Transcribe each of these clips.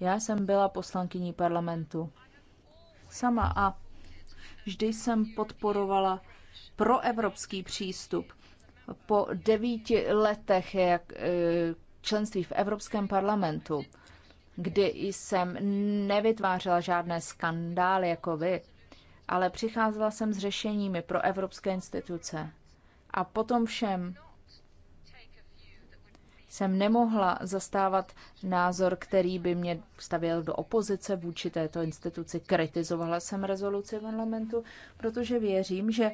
Já jsem byla poslankyní parlamentu sama a vždy jsem podporovala proevropský přístup. Po devíti letech jak e, členství v Evropském parlamentu, kdy jsem nevytvářela žádné skandály jako vy, ale přicházela jsem s řešeními pro evropské instituce. A potom všem jsem nemohla zastávat názor, který by mě stavěl do opozice vůči této instituci. Kritizovala jsem rezoluci parlamentu, protože věřím, že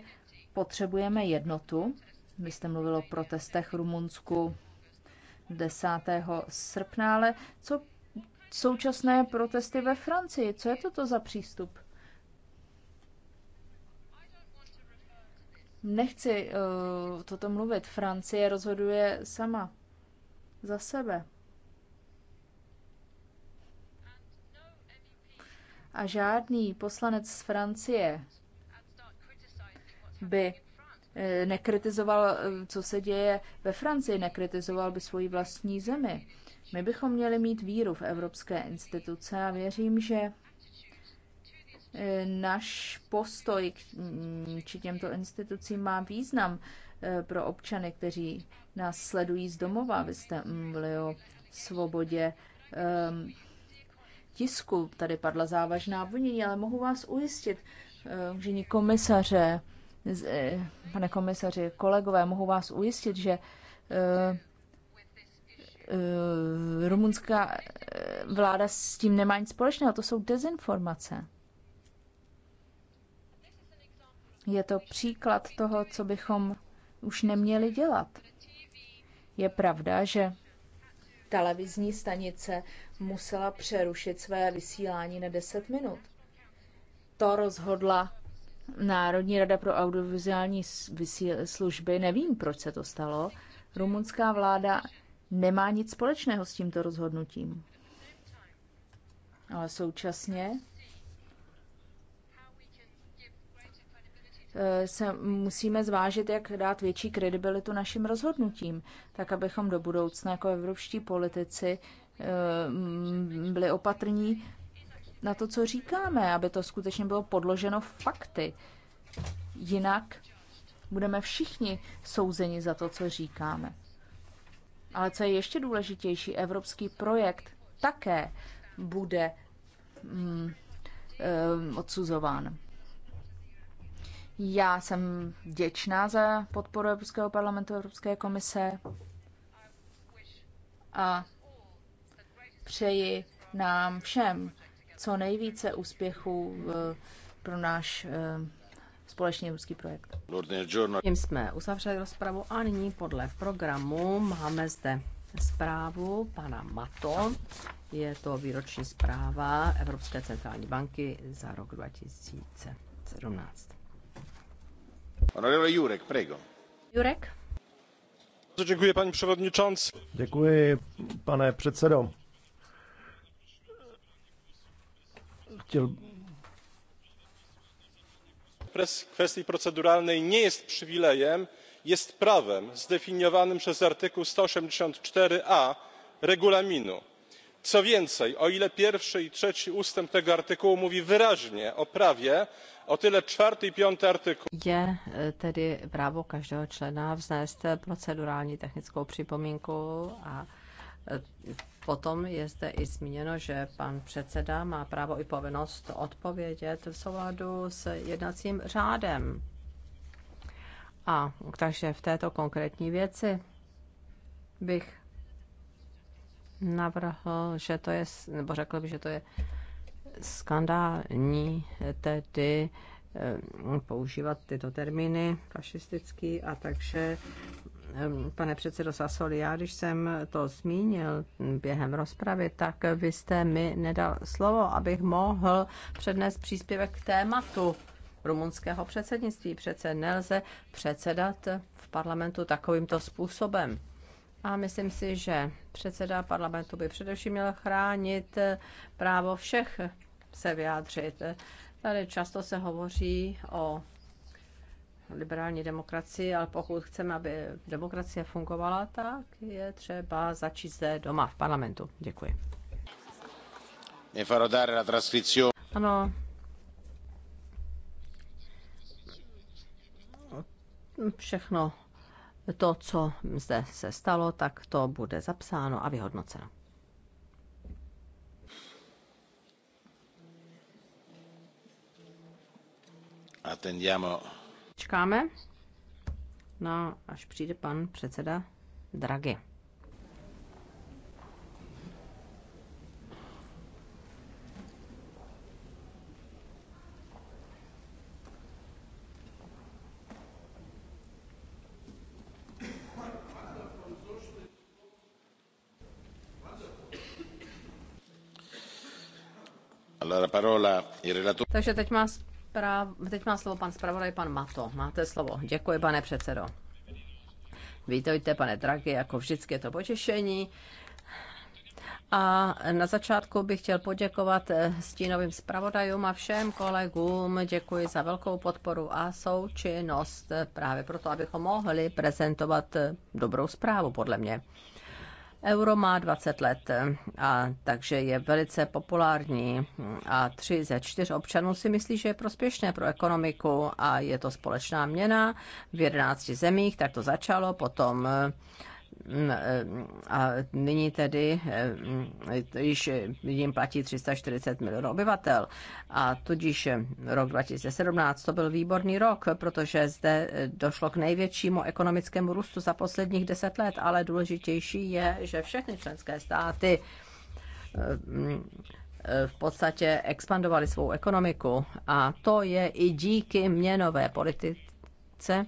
potřebujeme jednotu. Vy jste mluvil o protestech v Rumunsku 10. srpna, ale co současné protesty ve Francii? Co je toto za přístup? Nechci uh, toto mluvit. Francie rozhoduje sama za sebe. A žádný poslanec z Francie by eh, nekritizoval, eh, co se děje ve Francii, nekritizoval by svoji vlastní zemi. My bychom měli mít víru v evropské instituce a věřím, že eh, náš postoj k, hm, či těmto institucím má význam Eh, pro občany, kteří nás sledují z domova. Vy jste mluvili o svobodě ehm, tisku. Tady padla závažná obvinění, ale mohu vás ujistit, eh, že komisaře, eh, pane komisaři, kolegové, mohu vás ujistit, že rumunská vláda s tím nemá nic společného. To jsou dezinformace. Je to příklad toho, co bychom už neměli dělat. Je pravda, že televizní stanice musela přerušit své vysílání na 10 minut. To rozhodla Národní rada pro audiovizuální služby. Nevím, proč se to stalo. Rumunská vláda nemá nic společného s tímto rozhodnutím. Ale současně Eh, se musíme zvážit, jak dát větší kredibilitu našim rozhodnutím, tak abychom do budoucna jako evropští politici eh, byli opatrní na to, co říkáme, aby to skutečně bylo podloženo fakty. Jinak budeme všichni souzeni za to, co říkáme. Ale co je ještě důležitější, evropský projekt také bude mm, eh, odsuzován. Já jsem vděčná za podporu Evropského parlamentu Evropské komise a přeji nám všem co nejvíce úspěchů eh, pro náš eh, společný evropský projekt. Tím jsme uzavřeli rozpravu a nyní podle programu máme zde zprávu pana Mato. Je to výroční zpráva Evropské centrální banky za rok 2017. Jurek, Jurek? Děkuji, paní předsedající. Děkuji, pane kwestii proceduralnej nie jest przywilejem jest prawem zdefiniowanym przez artykuł sto osiemdziesiąt cztery a regulaminu co więcej o ile pierwszy i trzeci ustęp tego artykułu mówi wyraźnie o prawie o tyle czwarty i piąty artykuł. je e, tedy právo každého člena vznést procedurální technickou připomínku a e, Potom je zde i zmíněno, že pan předseda má právo i povinnost odpovědět v souladu s jednacím řádem. A takže v této konkrétní věci bych navrhl, že to je, nebo řekl by, že to je skandální tedy eh, používat tyto termíny fašistický a takže eh, pane předsedo Sasoli, já když jsem to zmínil během rozpravy, tak vy jste mi nedal slovo, abych mohl přednést příspěvek k tématu rumunského předsednictví. Přece nelze předsedat v parlamentu takovýmto způsobem. A myslím si, že předseda parlamentu by především měl chránit právo všech se vyjádřit. Tady často se hovoří o liberální demokracii, ale pokud chceme, aby demokracie fungovala, tak je třeba začít zde doma v parlamentu. Děkuji. Ano. Všechno to, co zde se stalo, tak to bude zapsáno a vyhodnoceno. Attendiamo. Čekáme, no, až přijde pan předseda Draghi. Takže teď má, zpráv, teď má slovo pan zpravodaj, pan Mato. Máte slovo. Děkuji, pane předsedo. Vítejte, pane Draghi, jako vždycky je to potěšení. A na začátku bych chtěl poděkovat eh, stínovým zpravodajům a všem kolegům. Děkuji za velkou podporu a součinnost eh, právě proto, abychom mohli prezentovat eh, dobrou zprávu, podle mě. Euro má 20 let, eh, a takže je velice populární a tři ze čtyř občanů si myslí, že je prospěšné pro ekonomiku a je to společná měna v 11 zemích, tak to začalo, potom eh, Eh, a nyní tedy eh, již eh, jim platí 340 milionů obyvatel. A tudíž rok 2017 to byl výborný rok, protože zde došlo k největšímu ekonomickému růstu za posledních deset let, ale důležitější je, že všechny členské státy mm, v podstatě expandovali svou ekonomiku a to je i díky měnové politice funkce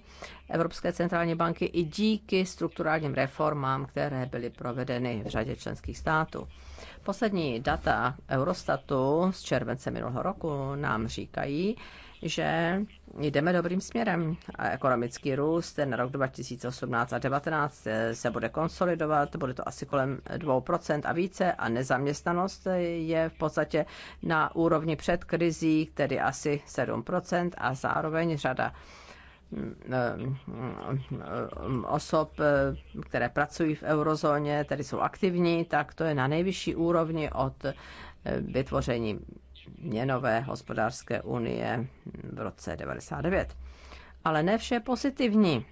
Evropské centrální banky i díky strukturálním reformám, které byly provedeny v řadě členských států. Poslední data Eurostatu z července minulého roku nám říkají, že jdeme dobrým směrem. Ekonomický růst na rok 2018 a 2019 se bude konsolidovat, bude to asi kolem 2% a více a nezaměstnanost je v podstatě na úrovni před krizí, tedy asi 7% a zároveň řada Eh, osob, eh, které pracují v eurozóně, tedy jsou aktivní, tak to je na nejvyšší úrovni od eh, vytvoření měnové hospodářské unie v roce 1999. Ale ne vše pozitivní.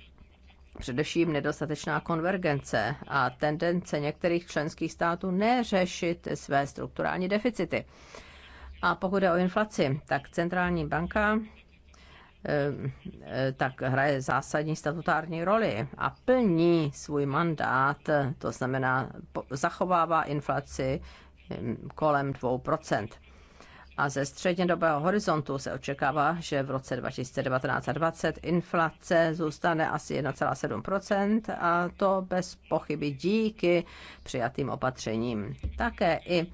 Především nedostatečná konvergence a tendence některých členských států neřešit své strukturální deficity. A pokud je o inflaci, tak centrální banka Eh, tak hraje zásadní statutární roli a plní svůj mandát, to znamená zachovává inflaci hm, kolem 2%. A ze střednědobého horizontu se očekává, že v roce 2019 a 2020 inflace zůstane asi 1,7 a to bez pochyby díky přijatým opatřením. Také i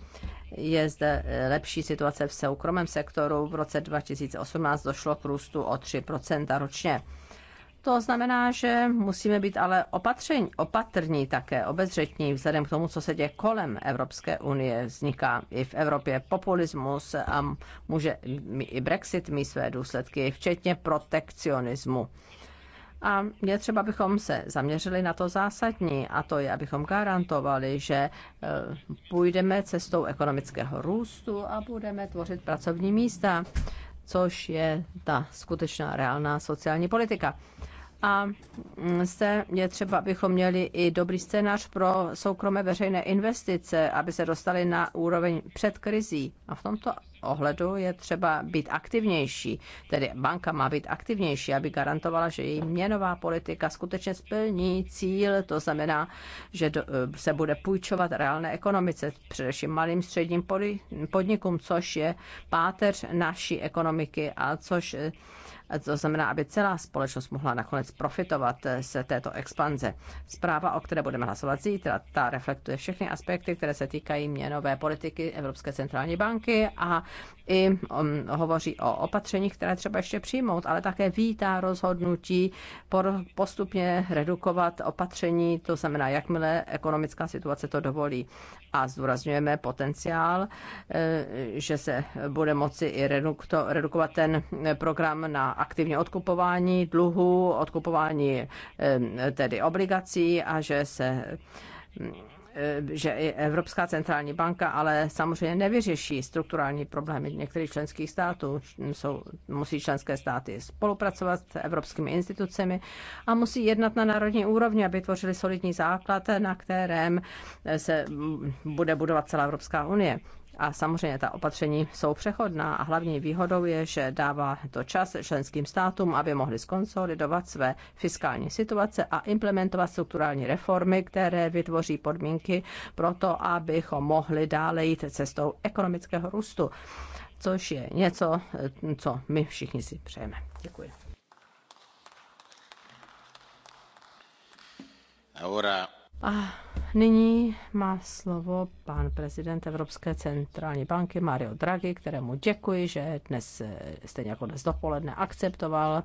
je zde eh, lepší situace v soukromém sektoru. V roce 2018 došlo k růstu o 3 ročně. To znamená, že musíme být ale opatření, opatrní také, obezřetní vzhledem k tomu, co se děje kolem Evropské unie. Vzniká i v Evropě populismus a může i Brexit mít své důsledky, včetně protekcionismu. A je třeba, abychom se zaměřili na to zásadní, a to je, abychom garantovali, že eh, půjdeme cestou ekonomického růstu a budeme tvořit pracovní místa, což je ta skutečná reálná sociální politika a se je třeba, abychom měli i dobrý scénář pro soukromé veřejné investice, aby se dostali na úroveň před krizí. A v tomto ohledu je třeba být aktivnější, tedy banka má být aktivnější, aby garantovala, že její měnová politika skutečně splní cíl, to znamená, že se bude půjčovat reálné ekonomice, především malým středním podnikům, což je páteř naší ekonomiky a což to znamená, aby celá společnost mohla nakonec profitovat eh, z této expanze. Zpráva, o které budeme hlasovat zítra, ta reflektuje všechny aspekty, které se týkají měnové politiky Evropské centrální banky a i mm, hovoří o opatřeních, které třeba ještě přijmout, ale také vítá rozhodnutí postupně redukovat opatření, to znamená, jakmile ekonomická situace to dovolí. A zdůrazňujeme potenciál, eh, že se bude moci i redukovat ten eh, program na aktivně odkupování dluhu, odkupování tedy obligací a že se že i Evropská centrální banka ale samozřejmě nevyřeší strukturální problémy některých členských států. Jsou, musí členské státy spolupracovat s evropskými institucemi a musí jednat na národní úrovni, aby tvořili solidní základ, na kterém se bude budovat celá Evropská unie. A samozřejmě ta opatření jsou přechodná a hlavní výhodou je, že dává to čas členským státům, aby mohli skonsolidovat své fiskální situace a implementovat strukturální reformy, které vytvoří podmínky pro to, abychom mohli dále jít cestou ekonomického růstu, což je něco, co my všichni si přejeme. Děkuji. Ahora a nyní má slovo pan prezident Evropské centrální banky Mario Draghi, kterému děkuji, že dnes, eh, stejně jako dnes dopoledne, akceptoval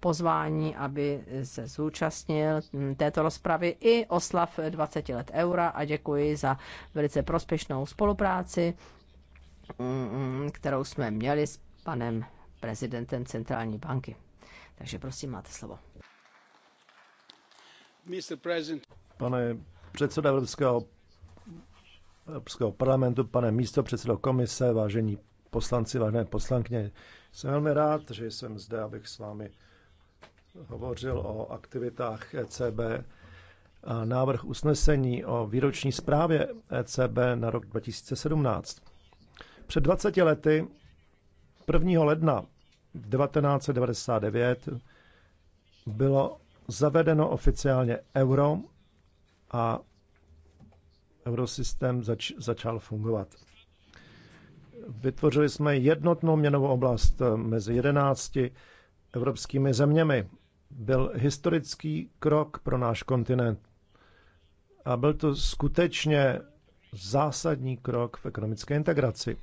pozvání, aby se zúčastnil hm, této rozpravy i oslav 20 let eura a děkuji za velice prospěšnou spolupráci, hm, kterou jsme měli s panem prezidentem centrální banky. Takže prosím, máte slovo. Pane předsedo Evropského, Evropského parlamentu, pane místo předsedo komise, vážení poslanci, vážené poslankyně, jsem velmi rád, že jsem zde, abych s vámi hovořil o aktivitách ECB. A návrh usnesení o výroční zprávě ECB na rok 2017. Před 20 lety 1. ledna 1999 bylo zavedeno oficiálně euro a eurosystém zač- začal fungovat. Vytvořili jsme jednotnou měnovou oblast eh, mezi 11 evropskými zeměmi. Byl historický krok pro náš kontinent a byl to skutečně zásadní krok v ekonomické integraci.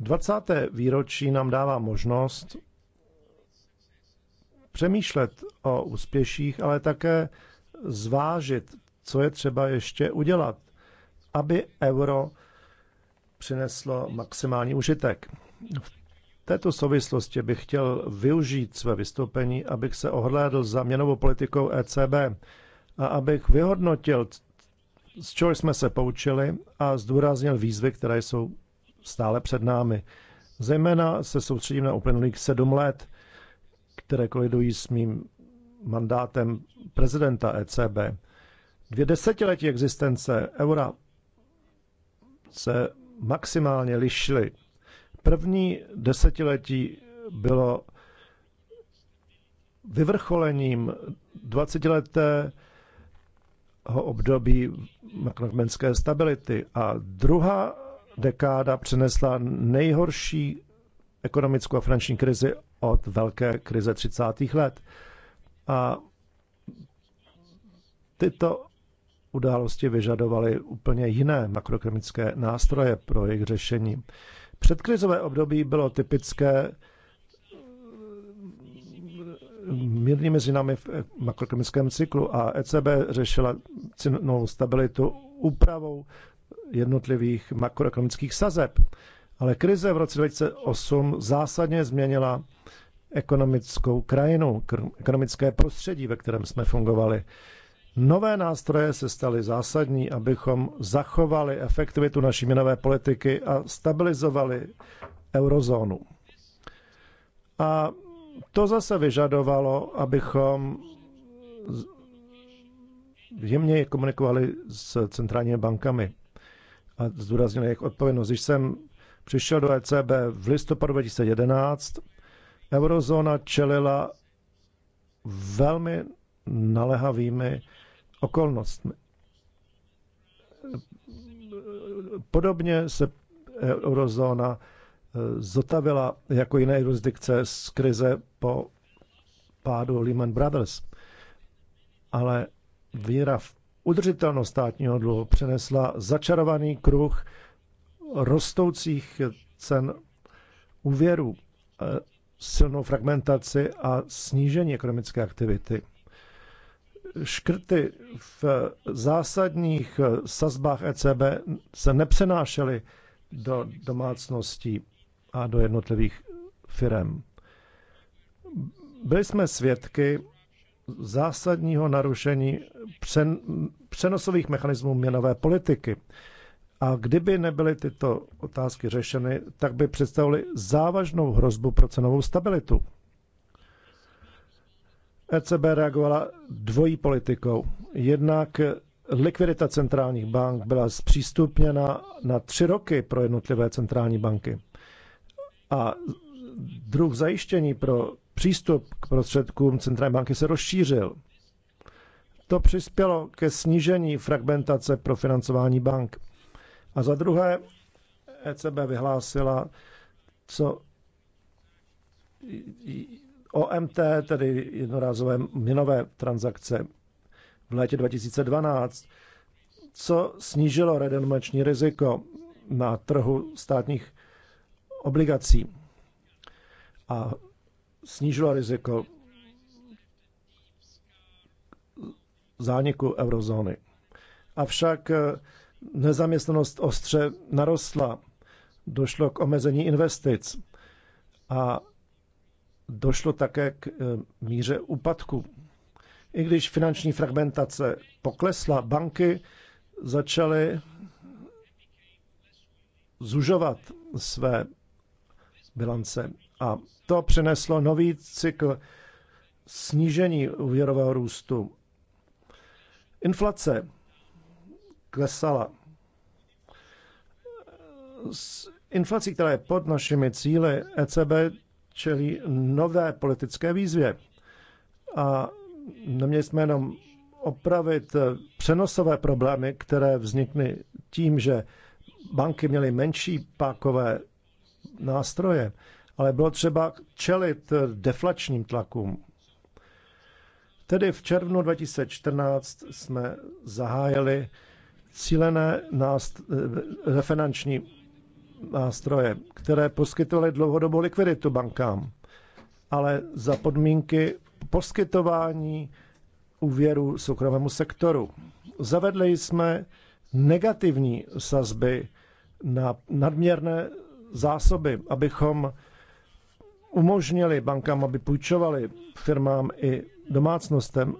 20. výročí nám dává možnost přemýšlet o úspěších, ale také zvážit co je třeba ještě udělat, aby euro přineslo maximální užitek. V této souvislosti bych chtěl využít své vystoupení, abych se ohlédl za měnovou politikou ECB a abych vyhodnotil, z čeho jsme se poučili a zdůraznil výzvy, které jsou stále před námi. Zejména se soustředím na uplynulých sedm let, které kolidují s mým mandátem prezidenta ECB dvě desetiletí existence eura se maximálně lišily. První desetiletí bylo vyvrcholením 20 leté období makroekonomické stability a druhá dekáda přinesla nejhorší ekonomickou a finanční krizi od velké krize 30. let. A tyto události vyžadovaly úplně jiné makroekonomické nástroje pro jejich řešení. Předkrizové období bylo typické mírně mezi námi v eh, makroekonomickém cyklu a ECB řešila cenovou stabilitu úpravou jednotlivých makroekonomických sazeb. Ale krize v roce 2008 zásadně změnila ekonomickou krajinu, ekonomické prostředí, ve kterém jsme fungovali. Nové nástroje se staly zásadní, abychom zachovali efektivitu naší měnové politiky a stabilizovali eurozónu. A to zase vyžadovalo, abychom jemně komunikovali s centrálními bankami a zdůraznili jejich odpovědnost. Když jsem přišel do ECB v listopadu 2011, eurozóna čelila velmi nalehavými okolnostmi. Podobně se eurozóna eh, zotavila jako jiné jurisdikce z krize po pádu Lehman Brothers. Ale víra v udržitelnost státního dluhu přinesla začarovaný kruh rostoucích cen úvěrů, eh, silnou fragmentaci a snížení ekonomické aktivity škrty v zásadních sazbách ECB se nepřenášely do domácností a do jednotlivých firem. Byli jsme svědky zásadního narušení přen, přenosových mechanismů měnové politiky. A kdyby nebyly tyto otázky řešeny, tak by představili závažnou hrozbu pro cenovou stabilitu. ECB reagovala dvojí politikou. Jednak likvidita centrálních bank byla zpřístupněna na tři roky pro jednotlivé centrální banky. A druh zajištění pro přístup k prostředkům centrální banky se rozšířil. To přispělo ke snížení fragmentace pro financování bank. A za druhé, ECB vyhlásila, co OMT, tedy jednorázové měnové transakce v létě 2012, co snížilo redenomační riziko na trhu státních obligací a snížilo riziko zániku eurozóny. Avšak eh, nezaměstnanost ostře narostla, došlo k omezení investic a došlo také k e, míře úpadku. I když finanční fragmentace poklesla, banky začaly zužovat své bilance. A to přineslo nový cykl snížení úvěrového růstu. Inflace klesala. S inflací, která je pod našimi cíly, ECB čelí nové politické výzvě. A neměli jsme jenom opravit eh, přenosové problémy, které vznikly tím, že banky měly menší pákové nástroje, ale bylo třeba čelit eh, deflačním tlakům. Tedy v červnu 2014 jsme zahájili cílené eh, refinanční nástroje, které poskytovaly dlouhodobou likviditu bankám, ale za podmínky poskytování úvěru soukromému sektoru. Zavedli jsme negativní sazby na nadměrné zásoby, abychom umožnili bankám, aby půjčovali firmám i domácnostem.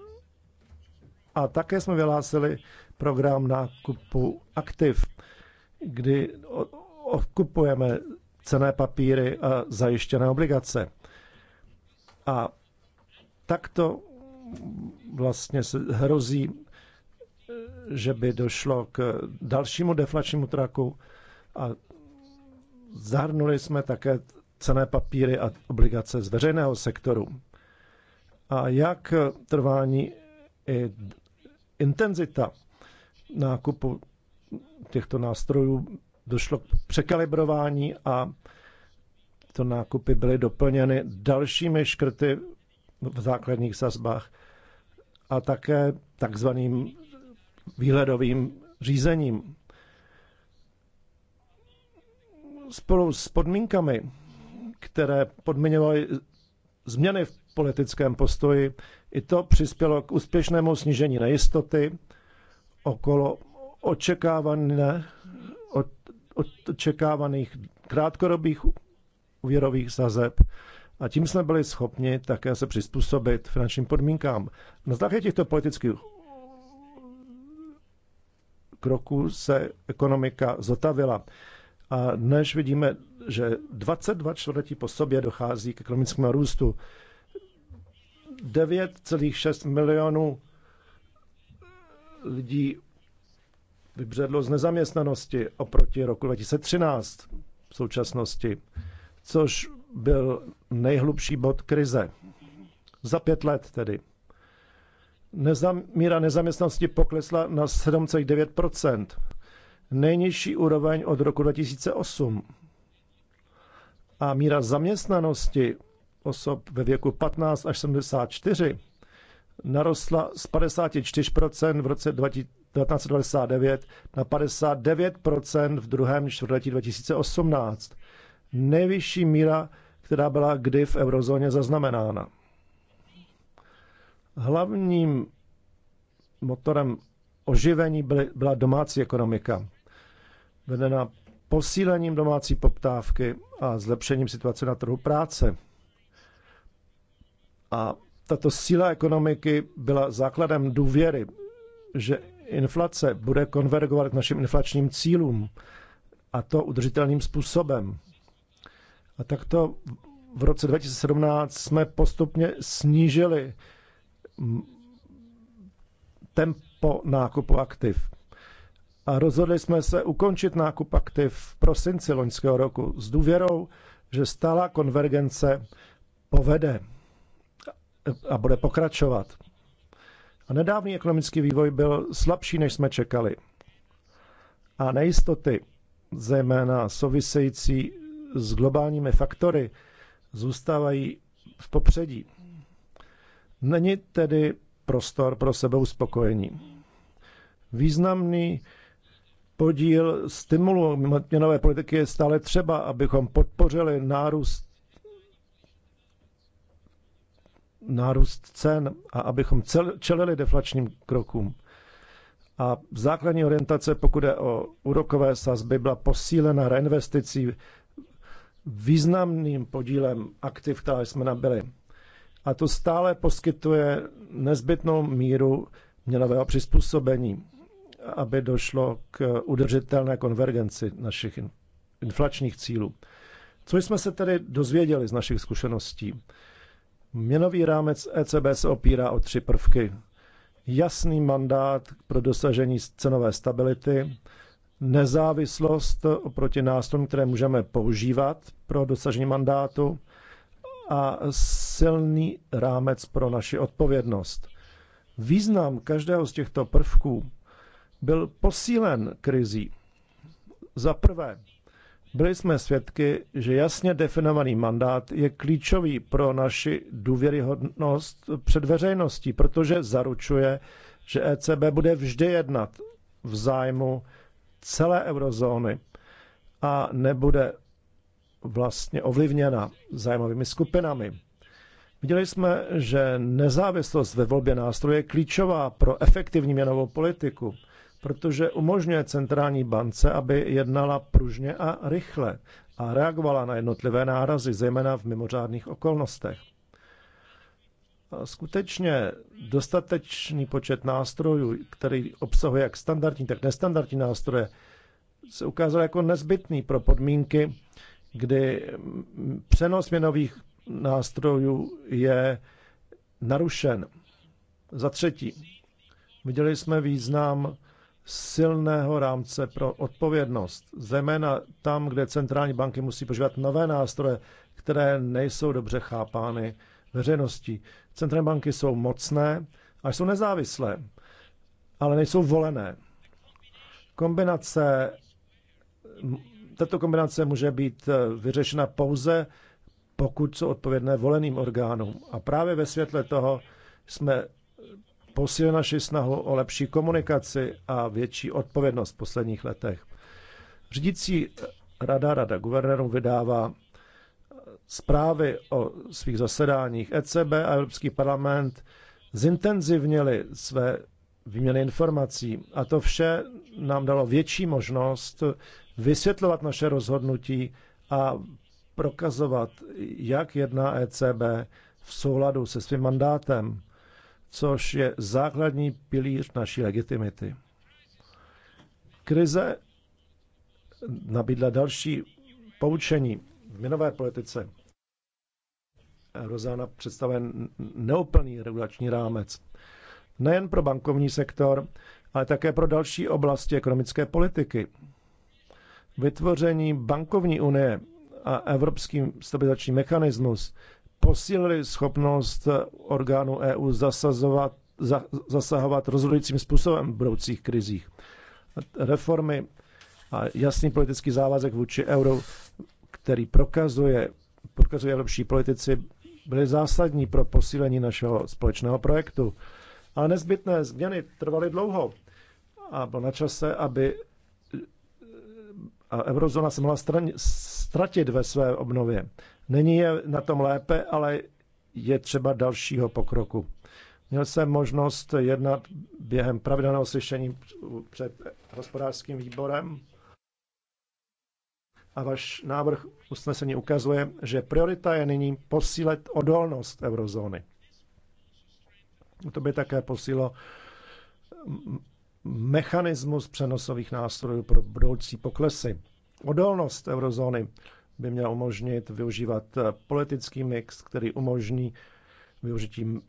A také jsme vyhlásili program nákupu aktiv, kdy okupujeme cené papíry a zajištěné obligace. A takto vlastně se hrozí, že by došlo k dalšímu deflačnímu traku a zahrnuli jsme také cené papíry a obligace z veřejného sektoru. A jak trvání i intenzita nákupu těchto nástrojů došlo k překalibrování a to nákupy byly doplněny dalšími škrty v základních sazbách a také takzvaným výhledovým řízením. Spolu s podmínkami, které podmiňovaly změny v politickém postoji, i to přispělo k úspěšnému snížení nejistoty okolo očekávané očekávaných krátkodobých úvěrových sazeb. A tím jsme byli schopni také se přizpůsobit finančním podmínkám. Na základě těchto politických kroků se ekonomika zotavila. A dnes vidíme, že 22 čtvrtletí po sobě dochází k ekonomickému růstu. 9,6 milionů lidí vybředlo z nezaměstnanosti oproti roku 2013 v současnosti, což byl nejhlubší bod krize. Za pět let tedy. Nezam, míra nezaměstnanosti poklesla na 7,9 nejnižší úroveň od roku 2008. A míra zaměstnanosti osob ve věku 15 až 74 narostla z 54 v roce 2000 1999 na 59% v druhém čtvrtletí 2018. Nejvyšší míra, která byla kdy v eurozóně zaznamenána. Hlavním motorem oživení byla domácí ekonomika, vedená posílením domácí poptávky a zlepšením situace na trhu práce. A tato síla ekonomiky byla základem důvěry, že inflace bude konvergovat k našim inflačním cílům a to udržitelným způsobem. A takto v roce 2017 jsme postupně snížili tempo nákupu aktiv. A rozhodli jsme se ukončit nákup aktiv v prosinci loňského roku s důvěrou, že stála konvergence povede a bude pokračovat. A nedávný ekonomický vývoj byl slabší, než jsme čekali. A nejistoty, zejména související s globálními faktory, zůstávají v popředí. Není tedy prostor pro sebeuspokojení. Významný podíl stimulu měnové politiky je stále třeba, abychom podpořili nárůst nárůst cen a abychom cel, čelili deflačním krokům. A základní orientace, pokud je o úrokové sazby, byla posílena reinvesticí významným podílem aktiv, které jsme nabili. A to stále poskytuje nezbytnou míru měnového přizpůsobení, aby došlo k udržitelné konvergenci našich inflačních cílů. Co jsme se tedy dozvěděli z našich zkušeností? Měnový rámec ECB se opírá o tři prvky. Jasný mandát pro dosažení cenové stability, nezávislost oproti nástrojům, které můžeme používat pro dosažení mandátu a silný rámec pro naši odpovědnost. Význam každého z těchto prvků byl posílen krizí. Za prvé, byli jsme svědky, že jasně definovaný mandát je klíčový pro naši důvěryhodnost před veřejností, protože zaručuje, že ECB bude vždy jednat v zájmu celé eurozóny a nebude vlastně ovlivněna zájmovými skupinami. Viděli jsme, že nezávislost ve volbě nástroje je klíčová pro efektivní měnovou politiku protože umožňuje centrální bance, aby jednala pružně a rychle a reagovala na jednotlivé nárazy, zejména v mimořádných okolnostech. Skutečně dostatečný počet nástrojů, který obsahuje jak standardní, tak nestandardní nástroje, se ukázal jako nezbytný pro podmínky, kdy přenos měnových nástrojů je narušen. Za třetí, viděli jsme význam silného rámce pro odpovědnost, zejména tam, kde centrální banky musí požívat nové nástroje, které nejsou dobře chápány veřejností. Centrální banky jsou mocné a jsou nezávislé, ale nejsou volené. Kombinace, tato kombinace může být eh, vyřešena pouze, pokud jsou odpovědné voleným orgánům. A právě ve světle toho jsme posílil naši snahu o lepší komunikaci a větší odpovědnost v posledních letech. Řídící rada, rada guvernérů vydává zprávy o svých zasedáních. ECB a Evropský parlament zintenzivnili své výměny informací a to vše nám dalo větší možnost vysvětlovat naše rozhodnutí a prokazovat, jak jedná ECB v souladu se svým mandátem což je základní pilíř naší legitimity. Krize nabídla další poučení v minové politice. Rozána představuje neúplný regulační rámec. Nejen pro bankovní sektor, ale také pro další oblasti ekonomické politiky. Vytvoření bankovní unie a evropský stabilizační mechanismus posílili schopnost orgánů EU zasazovat, za, zasahovat rozhodujícím způsobem v budoucích krizích. Reformy a jasný politický závazek vůči euro, který prokazuje, prokazuje evropští politici, byly zásadní pro posílení našeho společného projektu. Ale nezbytné změny trvaly dlouho a bylo na čase, aby a eurozóna se mohla ztratit ve své obnově. Není je na tom lépe, ale je třeba dalšího pokroku. Měl jsem možnost jednat během pravidelného slyšení před hospodářským výborem a váš návrh usnesení ukazuje, že priorita je nyní posílet odolnost eurozóny. To by také posílo mechanismus přenosových nástrojů pro budoucí poklesy odolnost eurozóny by měla umožnit využívat eh, politický mix, který umožní využití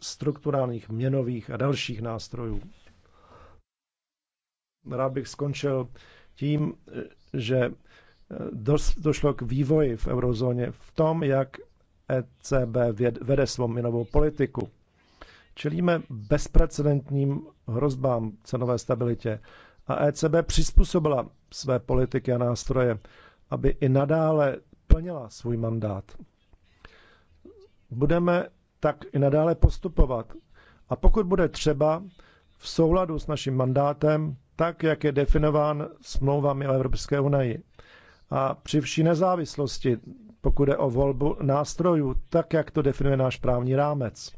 strukturálních, měnových a dalších nástrojů. Rád bych skončil tím, eh, že eh, došlo k vývoji v eurozóně v tom, jak ECB vede svou měnovou politiku. Čelíme bezprecedentním hrozbám cenové stabilitě a ECB přizpůsobila své politiky a nástroje, aby i nadále plnila svůj mandát. Budeme tak i nadále postupovat. A pokud bude třeba, v souladu s naším mandátem, tak jak je definován smlouvami o Evropské unii. A při vší nezávislosti, pokud je o volbu nástrojů, tak jak to definuje náš právní rámec.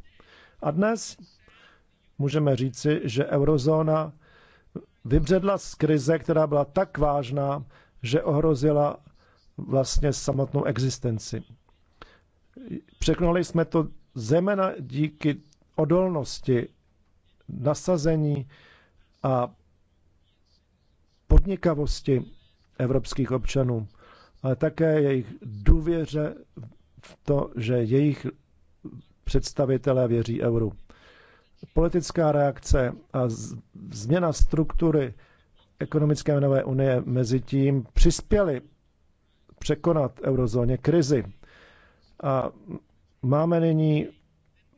A dnes můžeme říci, že eurozóna vybředla z krize, která byla tak vážná, že ohrozila vlastně samotnou existenci. Překonali jsme to zejména díky odolnosti, nasazení a podnikavosti evropských občanů, ale také jejich důvěře v to, že jejich představitelé věří euru politická reakce a změna struktury ekonomické nové unie mezi tím přispěly překonat eurozóně krizi. A máme nyní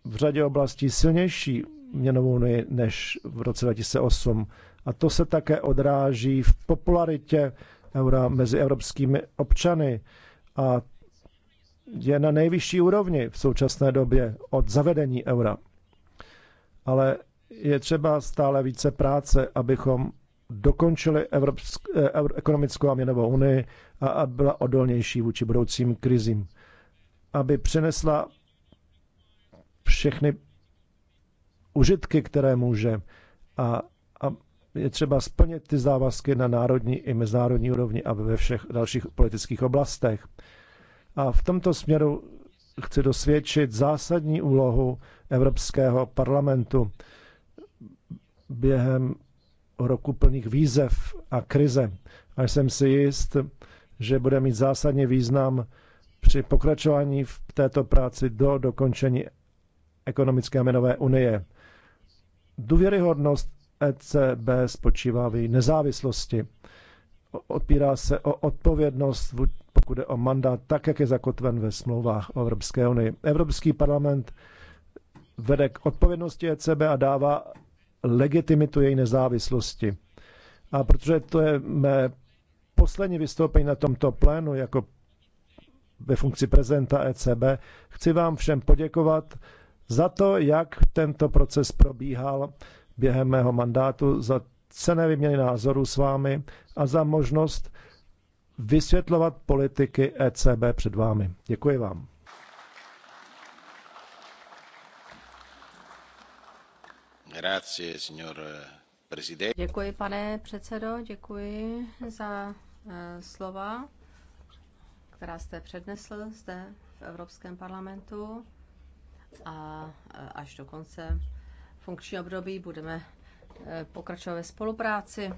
v řadě oblastí silnější měnovou unii než v roce 2008. A to se také odráží v popularitě eura mezi evropskými občany. A je na nejvyšší úrovni v současné době od zavedení eura ale je třeba stále více práce, abychom dokončili Evropsk- eh, ekonomickou a měnovou unii a aby byla odolnější vůči budoucím krizím. Aby přinesla všechny užitky, které může a, a je třeba splnit ty závazky na národní i mezinárodní úrovni a ve všech dalších politických oblastech. A v tomto směru chci dosvědčit zásadní úlohu Evropského parlamentu během roku plných výzev a krize. A jsem si jist, že bude mít zásadně význam při pokračování v této práci do dokončení ekonomické a měnové unie. Důvěryhodnost ECB spočívá v její nezávislosti. Odpírá se o odpovědnost, pokud je o mandát, tak jak je zakotven ve smlouvách o Evropské unii. Evropský parlament vede k odpovědnosti ECB a dává legitimitu její nezávislosti. A protože to je mé poslední vystoupení na tomto plénu jako ve funkci prezidenta ECB, chci vám všem poděkovat za to, jak tento proces probíhal během mého mandátu, za cené vyměny názorů s vámi a za možnost vysvětlovat politiky ECB před vámi. Děkuji vám. Eh, děkuji, pane předsedo, děkuji za eh, slova, která jste přednesl zde v Evropském parlamentu. A eh, až do konce funkčního období budeme pokračovat ve spolupráci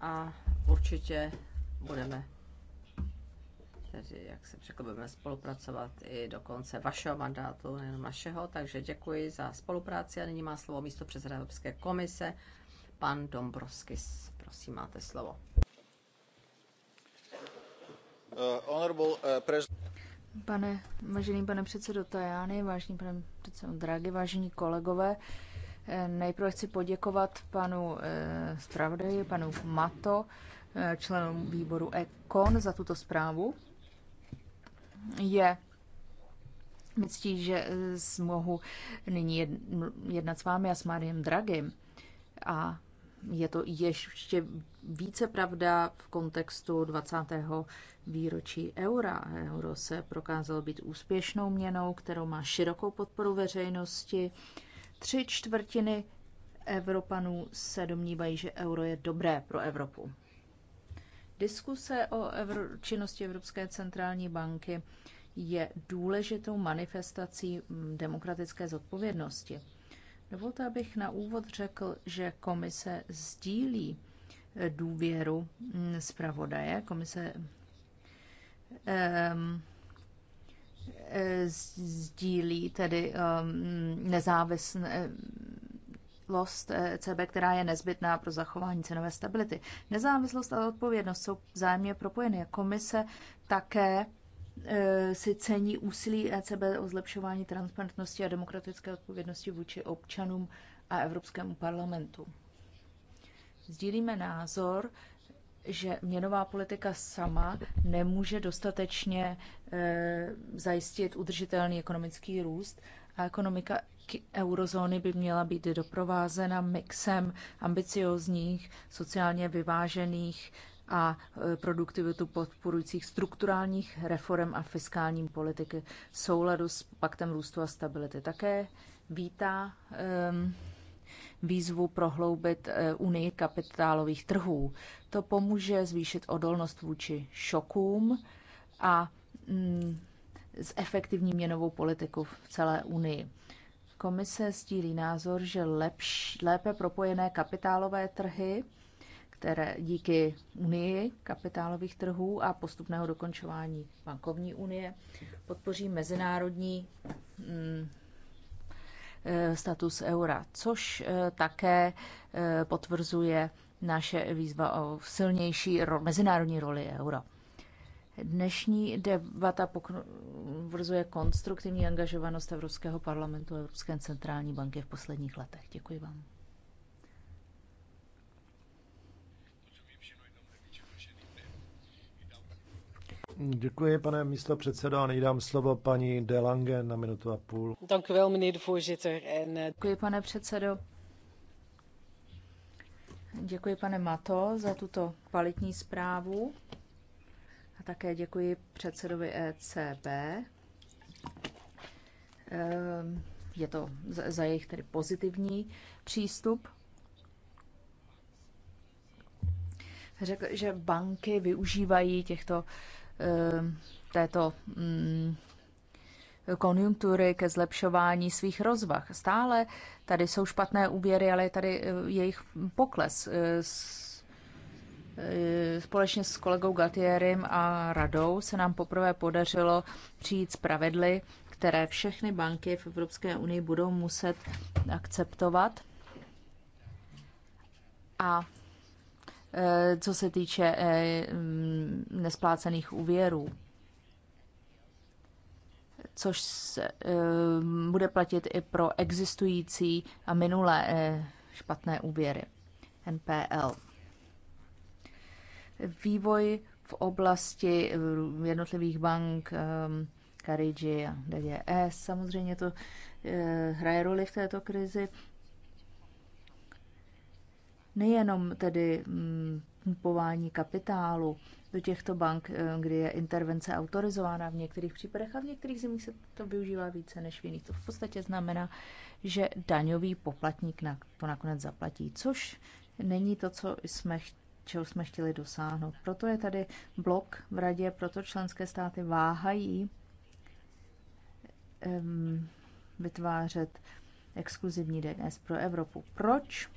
a určitě budeme tedy, jak se řekl, budeme spolupracovat i do konce vašeho mandátu, nejenom našeho, takže děkuji za spolupráci a nyní má slovo místo předseda Evropské komise, pan Dombrovskis. Prosím, máte slovo. Eh, eh, pane, vážený pane předsedo Tajány, vážený pane předsedo Draghi, vážení kolegové, eh, nejprve chci poděkovat panu Stravodaji, panu Mato, členům výboru EKON za tuto zprávu je mi že eh, mohu nyní jednat s vámi a s Mariem Dragim. A je to ještě více pravda v kontextu 20. výročí eura. Euro se prokázalo být úspěšnou měnou, kterou má širokou podporu veřejnosti. Tři čtvrtiny Evropanů se domnívají, že euro je dobré pro Evropu. Diskuse o evro- činnosti Evropské centrální banky je důležitou manifestací mm, demokratické zodpovědnosti. Dovolte, abych na úvod řekl, že komise sdílí eh, důvěru mm, zpravodaje. Komise um, sdílí tedy um, ehm, nezávislé eh, nezávislost eh, ECB, která je nezbytná pro zachování cenové stability. Nezávislost a odpovědnost jsou vzájemně propojeny. Komise také eh, si cení úsilí ECB o zlepšování transparentnosti a demokratické odpovědnosti vůči občanům a Evropskému parlamentu. Sdílíme názor, že měnová politika sama nemůže dostatečně e, zajistit udržitelný ekonomický růst a ekonomika eurozóny by měla být doprovázena mixem ambiciozních, sociálně vyvážených a e, produktivitu podporujících strukturálních reform a fiskální politiky v souladu s paktem růstu a stability. Také vítá um, výzvu prohloubit e, unii kapitálových trhů. To pomůže zvýšit odolnost vůči šokům a mm, zefektivní s efektivní měnovou politikou v celé unii. Komise sdílí názor, že lepš, lépe propojené kapitálové trhy, které díky unii kapitálových trhů a postupného dokončování bankovní unie podpoří mezinárodní mm, eh, status eura, což eh, také eh, potvrzuje naše výzva o silnější mezinárodní roli eura. Dnešní debata potvrzuje konstruktivní angažovanost Evropského parlamentu a Evropské centrální banky v posledních letech. Děkuji vám. Děkuji, pane místo předsedo, a nejdám slovo paní Delange na minutu a půl. Eh, Děkuji, pane předsedo. Děkuji, pane Mato, za tuto kvalitní zprávu. A také děkuji předsedovi ECB. Ehm, je to za jejich tedy pozitivní přístup. Řekl, že banky využívají těchto, ehm, této mm, konjunktury ke zlepšování svých rozvah. Stále tady jsou špatné úvěry, ale je tady eh, jejich pokles. Eh, Eh, společně s kolegou Gatierem a radou se nám poprvé podařilo přijít s pravidly, které všechny banky v Evropské unii budou muset akceptovat. A eh, co se týče eh, mm, nesplácených úvěrů, což se, bude platit i pro existující a minulé špatné úvěry NPL. Vývoj v oblasti eh, jednotlivých bank, eh, Carigi a DDS, samozřejmě to eh, hraje roli v této krizi. Nejenom tedy pumpování mm, kapitálu do těchto bank, kdy je intervence autorizována v některých případech a v některých zemích se to využívá více než v jiných. To v podstatě znamená, že daňový poplatník to nakonec zaplatí, což není to, co jsme čeho jsme chtěli dosáhnout. Proto je tady blok v radě, proto členské státy váhají um, vytvářet exkluzivní DNS pro Evropu. Proč?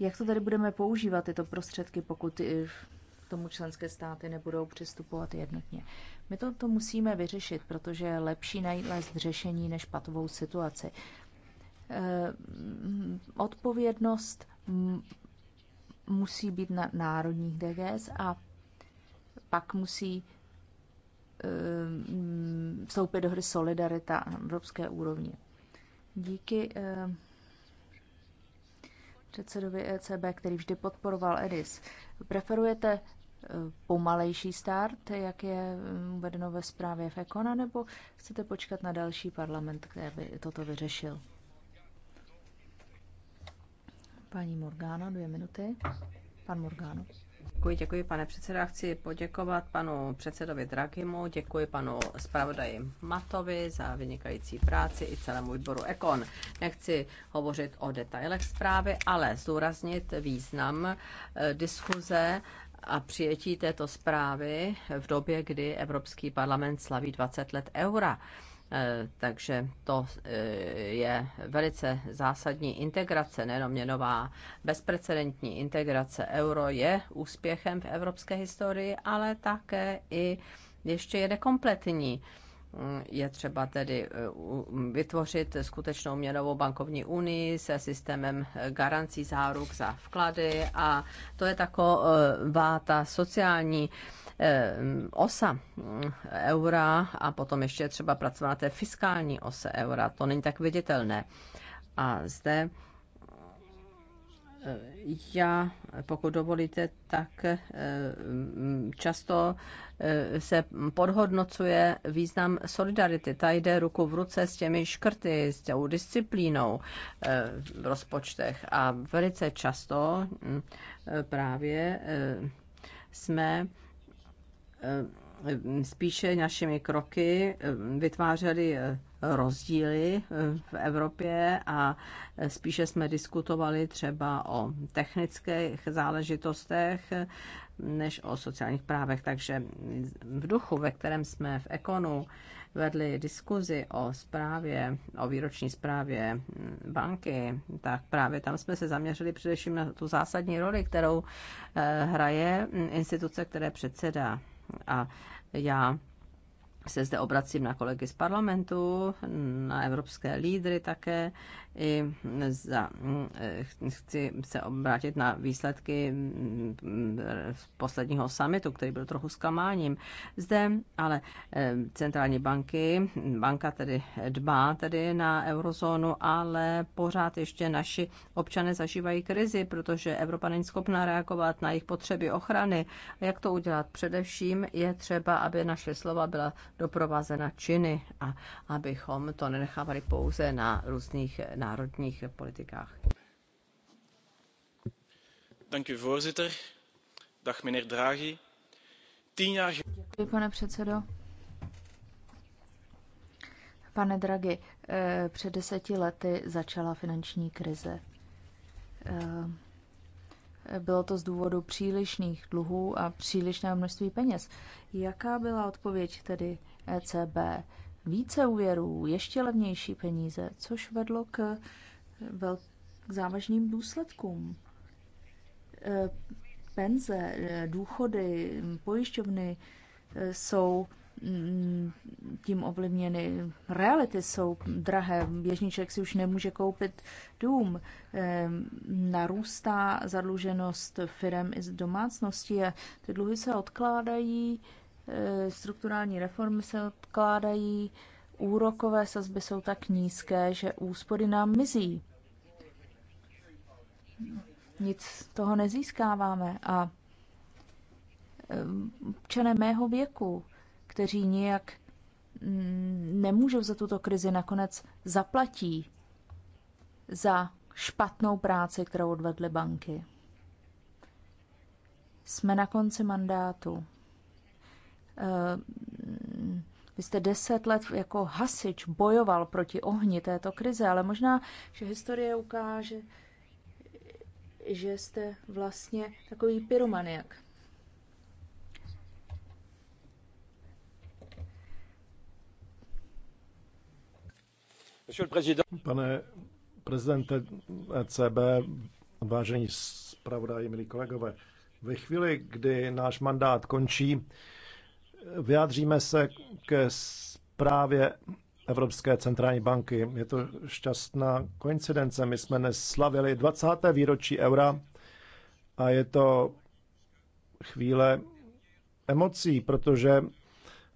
Jak to tady budeme používat, tyto prostředky, pokud tomu členské státy nebudou přistupovat jednotně. My to, to musíme vyřešit, protože je lepší najít řešení než patovou situaci. Odpovědnost musí být na národních DGS a pak musí eh, vstoupit do hry solidarita na evropské úrovni. Díky eh, předsedovi ECB, který vždy podporoval EDIS, preferujete eh, pomalejší start, jak je uvedeno ve zprávě FECONA, nebo chcete počkat na další parlament, který by toto vyřešil? Paní Morgana, dvě minuty. Pan Morgano. Děkuji, děkuji, pane předseda. Chci poděkovat panu předsedovi Dragimu, děkuji panu zpravodaji Matovi za vynikající práci i celému výboru Ekon. Nechci hovořit o detailech zprávy, ale zdůraznit význam eh, diskuze a přijetí této zprávy v době, kdy Evropský parlament slaví 20 let eura. Eh, takže to eh, je velice zásadní integrace, nejenom měnová, bezprecedentní integrace euro je úspěchem v evropské historii, ale také i ještě je nekompletní mm, je třeba tedy eh, vytvořit skutečnou měnovou bankovní unii se systémem garancí záruk za vklady a to je taková ta sociální Eh, osa mm, eura a potom ještě třeba pracovat na té fiskální ose eura. To není tak viditelné. A zde eh, já, pokud dovolíte, tak eh, mm, často se podhodnocuje význam solidarity. Ta jde ruku v ruce s těmi škrty, s tou disciplínou v rozpočtech a velice často mm, právě jsme Eh, spíše našimi kroky eh, vytvářeli eh, rozdíly v Evropě a spíše jsme diskutovali třeba o technických záležitostech než o sociálních právech. Takže v duchu, ve kterém jsme v Ekonu vedli diskuzi o zprávě, o výroční zprávě mm, banky, tak právě tam jsme se zaměřili především na tu zásadní roli, kterou hraje mm, instituce, které předsedá a já se zde obracím na kolegy z parlamentu, na evropské lídry také. I za, hm, eh, chci se obrátit na výsledky hm, posledního summitu, který byl trochu zklamáním. Zde ale eh, centrální banky, banka tedy dbá tedy na eurozónu, ale pořád ještě naši občané zažívají krizi, protože Evropa není schopná reagovat na jejich potřeby ochrany. Jak to udělat? Především je třeba, aby naše slova byla doprovázena činy a abychom to nenechávali pouze na různých národních politikách. Děkuji, voorzitter. Dag, meneer Draghi. Tien jaar... Děkuji, pane předsedo. Pane Draghi, eh, před deseti lety začala finanční krize. Eh, bylo to z důvodu přílišných dluhů a přílišného množství peněz. Jaká byla odpověď tedy ECB více úvěrů, ještě levnější peníze, což vedlo k, vel, k závažným důsledkům. E, penze, e, důchody, pojišťovny e, jsou mm, tím ovlivněny. Reality jsou drahé, běžný člověk si už nemůže koupit dům. Narůstá zadluženost firm i z domácností a ty dluhy se odkládají Eh, strukturální reformy se odkládají, úrokové sazby jsou tak nízké, že úspory nám mizí. Nic z toho nezískáváme a eh, občané mého věku, kteří nijak mm, nemůžou za tuto krizi, nakonec zaplatí za špatnou práci, kterou odvedly banky. Jsme na konci mandátu. Eh, vy jste deset let jako hasič bojoval proti ohni této krize, ale možná, že historie ukáže, že jste vlastně takový pyromaniak. Pane prezidente ECB, vážení zpravodaji, milí kolegové, ve chvíli, kdy náš mandát končí, Vyjádříme se ke zprávě Evropské centrální banky. Je to šťastná koincidence. My jsme slavili 20. výročí eura a je to chvíle emocí, protože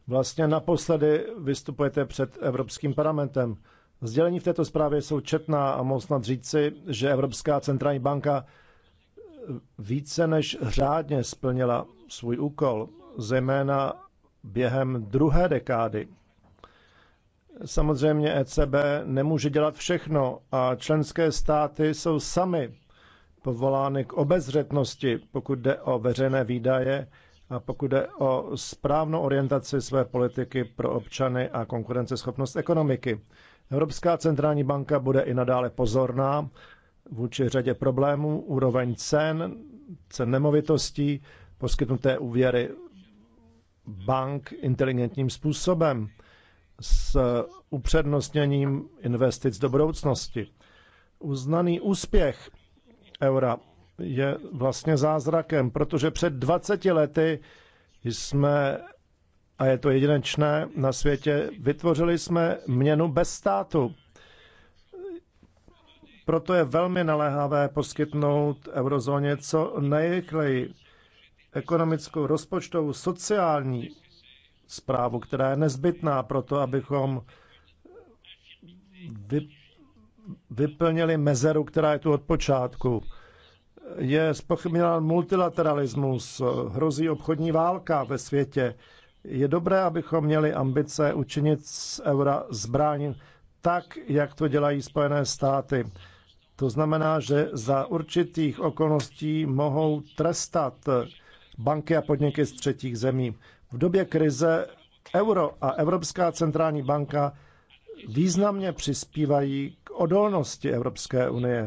vlastně naposledy vystupujete před Evropským parlamentem. Sdělení v této zprávě jsou četná a mohu snad říci, že Evropská centrální banka více než řádně splnila svůj úkol, zejména během druhé dekády. Samozřejmě ECB nemůže dělat všechno a členské státy jsou sami povolány k obezřetnosti, pokud jde o veřejné výdaje a pokud jde o správnou orientaci své politiky pro občany a konkurenceschopnost ekonomiky. Evropská centrální banka bude i nadále pozorná vůči řadě problémů, úroveň cen, cen nemovitostí, poskytnuté úvěry bank inteligentním způsobem s upřednostněním investic do budoucnosti. Uznaný úspěch eura je vlastně zázrakem, protože před 20 lety jsme, a je to jedinečné na světě, vytvořili jsme měnu bez státu. Proto je velmi naléhavé poskytnout eurozóně co nejrychleji ekonomickou, rozpočtovou, sociální zprávu, která je nezbytná pro to, abychom vy, vyplnili mezeru, která je tu od počátku. Je spochybněn multilateralismus, hrozí obchodní válka ve světě. Je dobré, abychom měli ambice učinit z eura zbraň tak, jak to dělají Spojené státy. To znamená, že za určitých okolností mohou trestat banky a podniky z třetích zemí. V době krize euro a Evropská centrální banka významně přispívají k odolnosti Evropské unie.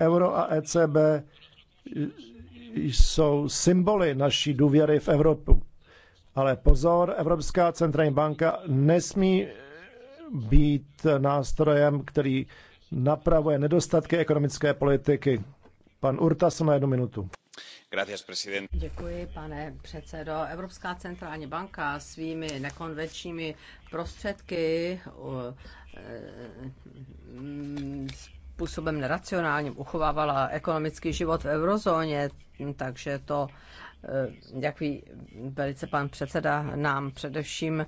Euro a ECB jsou symboly naší důvěry v Evropu. Ale pozor, Evropská centrální banka nesmí být nástrojem, který napravuje nedostatky ekonomické politiky. Pan Urtas na jednu minutu. Děkuji, pane předsedo. Evropská centrální banka svými nekonvenčními prostředky eh, způsobem neracionálním uchovávala ekonomický život v eurozóně, takže to, eh, jak ví velice pan předseda, nám především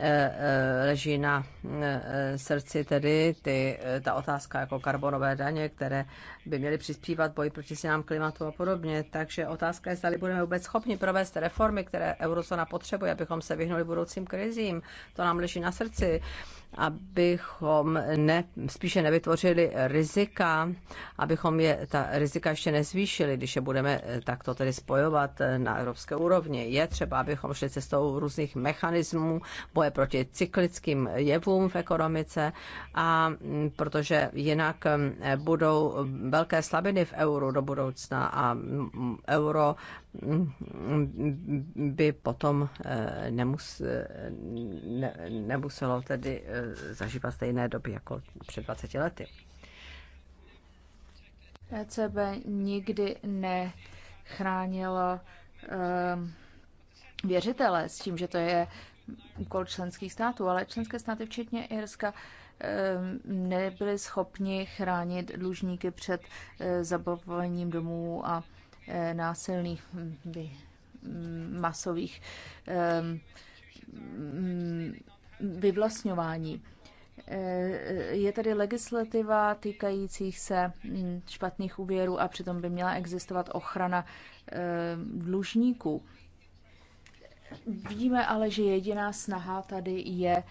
Eh, eh, leží na eh, srdci tedy ty, ta otázka jako karbonové daně, které by měly přispívat boji proti změnám klimatu a podobně. Takže otázka je, zda budeme vůbec schopni provést reformy, které eurozona potřebuje, abychom se vyhnuli budoucím krizím. To nám leží na srdci abychom ne, spíše nevytvořili rizika, abychom je, ta rizika ještě nezvýšili, když je budeme eh, takto tedy spojovat eh, na evropské úrovni. Je třeba, abychom šli cestou různých mechanismů boje proti cyklickým jevům v ekonomice, a mm, protože jinak eh, budou velké slabiny v euru do budoucna a mm, euro by potom eh, nemus, eh, ne, nemuselo tedy eh, zažívat stejné doby jako před 20 lety. ECB nikdy nechránilo um, věřitele s tím, že to je úkol členských států, ale členské státy, včetně Irska, nebyly schopni chránit dlužníky před zabavováním domů a Eh, násilných hm, hm, masových ehm, hm, vyvlastňování. Eh, je tady legislativa týkajících se špatných úvěrů a přitom by měla existovat ochrana ehm, dlužníků. Vidíme ale, že jediná snaha tady je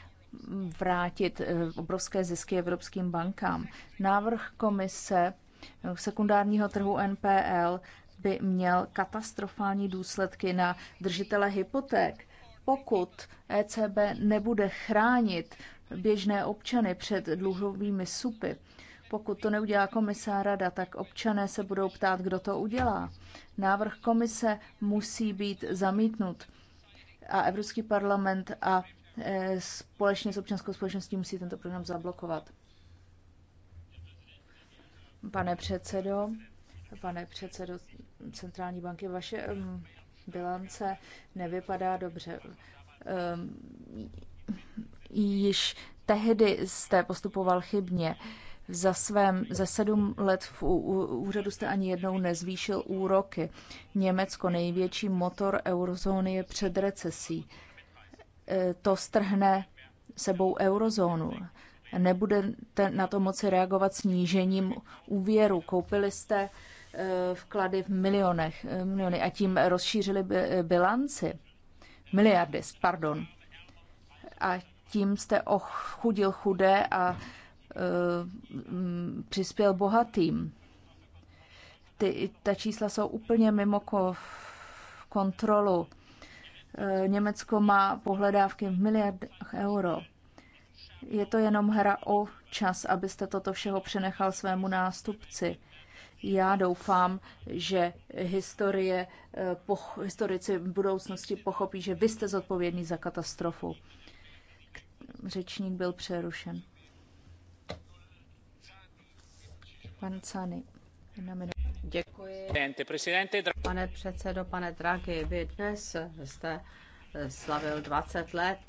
vrátit eh, obrovské zisky evropským bankám. Návrh komise sekundárního trhu NPL by měl katastrofální důsledky na držitele hypoték. Pokud ECB nebude chránit běžné občany před dluhovými supy, pokud to neudělá komisá rada, tak občané se budou ptát, kdo to udělá. Návrh komise musí být zamítnut a Evropský parlament a e, společně s občanskou společností musí tento program zablokovat. Pane předsedo, pane předsedo Centrální banky. Vaše bilance nevypadá dobře. Již tehdy jste postupoval chybně. Za svém, ze sedm let v úřadu jste ani jednou nezvýšil úroky. Německo, největší motor eurozóny, je před recesí. E, to strhne sebou eurozónu. Nebudete na to moci reagovat snížením úvěru. Koupili jste Eh, vklady v milionech, eh, miliony a tím rozšířili eh, bilanci. Miliardy, pardon. A tím jste ochudil chudé a přispěl bohatým. Ty, ta čísla jsou úplně mimo kontrolu. Německo má pohledávky v miliardách euro. Je to jenom hra o čas, abyste toto všeho přenechal svému nástupci. Já doufám, že historie, eh, po, historici v budoucnosti pochopí, že vy jste zodpovědný za katastrofu. Řečník byl přerušen. Pan Cany, Děkuji. Pane předsedo, pane Draghi, vy dnes jste slavil 20 let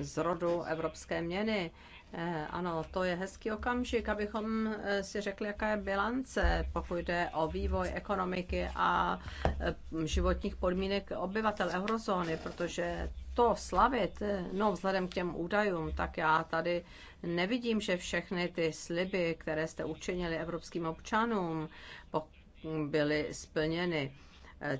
z rodu evropské měny. Eh, ano, to je hezký okamžik, abychom eh, si řekli, jaká je bilance, pokud jde o vývoj ekonomiky a eh, životních podmínek obyvatel eurozóny, protože to slavit, no vzhledem k těm údajům, tak já tady nevidím, že všechny ty sliby, které jste učinili evropským občanům, byly splněny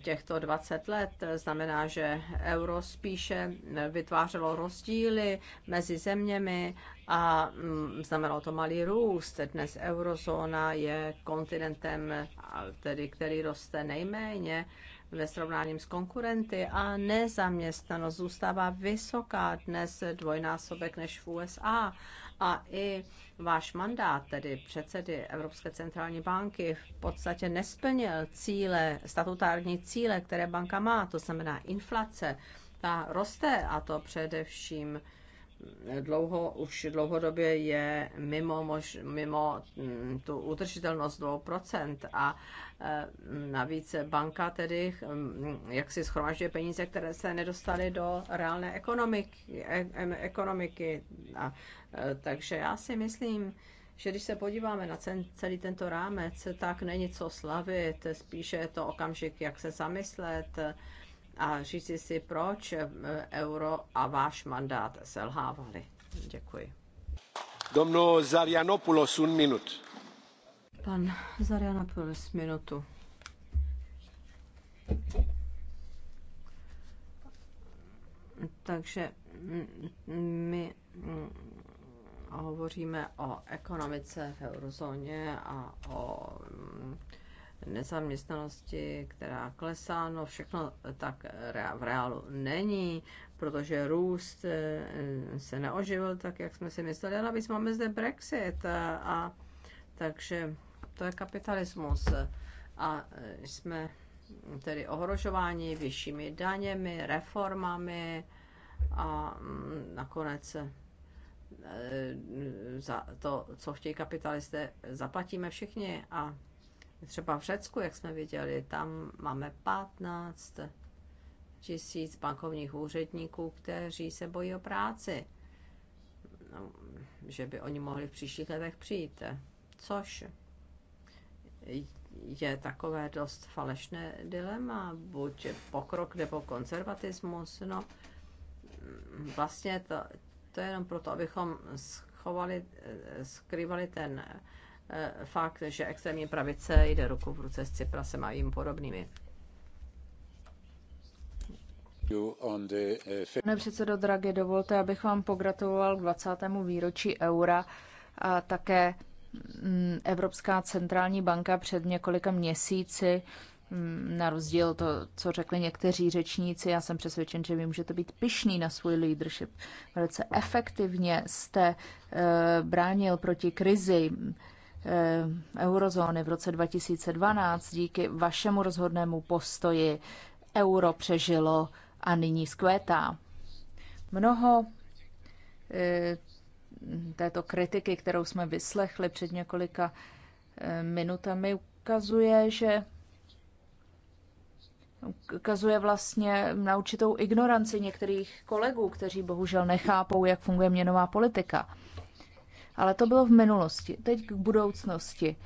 těchto 20 let. Znamená, že euro spíše vytvářelo rozdíly mezi zeměmi a mm, znamenalo to malý růst. Dnes eurozóna je kontinentem, tedy, který roste nejméně ve srovnání s konkurenty a nezaměstnanost zůstává vysoká dnes dvojnásobek než v USA a i váš mandát, tedy předsedy Evropské centrální banky, v podstatě nesplnil cíle, statutární cíle, které banka má, to znamená inflace, ta roste a to především dlouho, už dlouhodobě je mimo, mož, mimo mm, tu utržitelnost 2% a e, navíc banka tedy mm, jak si schromažďuje peníze, které se nedostaly do reálné ekonomiky. E, ekonomiky. A, e, takže já si myslím, že když se podíváme na celý tento rámec, tak není co slavit, spíše je to okamžik, jak se zamyslet, a říci si, proč euro a váš mandát selhávali. Děkuji. Domno Zarianopoulos, un minut. Pan Zarianopoulos, minutu. Takže my hovoříme o ekonomice v eurozóně a o nezaměstnanosti, která klesá, no všechno tak v reálu není, protože růst eh, se neoživil tak, jak jsme si mysleli, ale navíc máme zde Brexit a, a takže to je kapitalismus a eh, jsme tedy ohrožováni vyššími daněmi, reformami a mm, nakonec eh, za to, co chtějí kapitalisté, zaplatíme všichni a Třeba v Řecku, jak jsme viděli, tam máme 15 tisíc bankovních úředníků, kteří se bojí o práci, no, že by oni mohli v příštích letech přijít, což je takové dost falešné dilema, buď pokrok nebo konzervatismus, no vlastně to, to je jenom proto, abychom schovali, skrývali ten Eh, fakt, že extrémní pravice jde ruku v ruce s Cyprasem a jim podobnými. Eh, Pane předsedo Draghi, dovolte, abych vám pogratuloval k 20. výročí eura a také mm, Evropská centrální banka před několika měsíci mm, na rozdíl to, co řekli někteří řečníci, já jsem přesvědčen, že vy můžete být pišný na svůj leadership. Velice efektivně jste eh, bránil proti krizi, Eh, eurozóny v roce 2012 díky vašemu rozhodnému postoji euro přežilo a nyní zkvétá. Mnoho eh, této kritiky, kterou jsme vyslechli před několika eh, minutami, ukazuje, že ukazuje vlastně na určitou ignoranci některých kolegů, kteří bohužel nechápou, jak funguje měnová politika. Ale to bylo v minulosti. Teď k budoucnosti.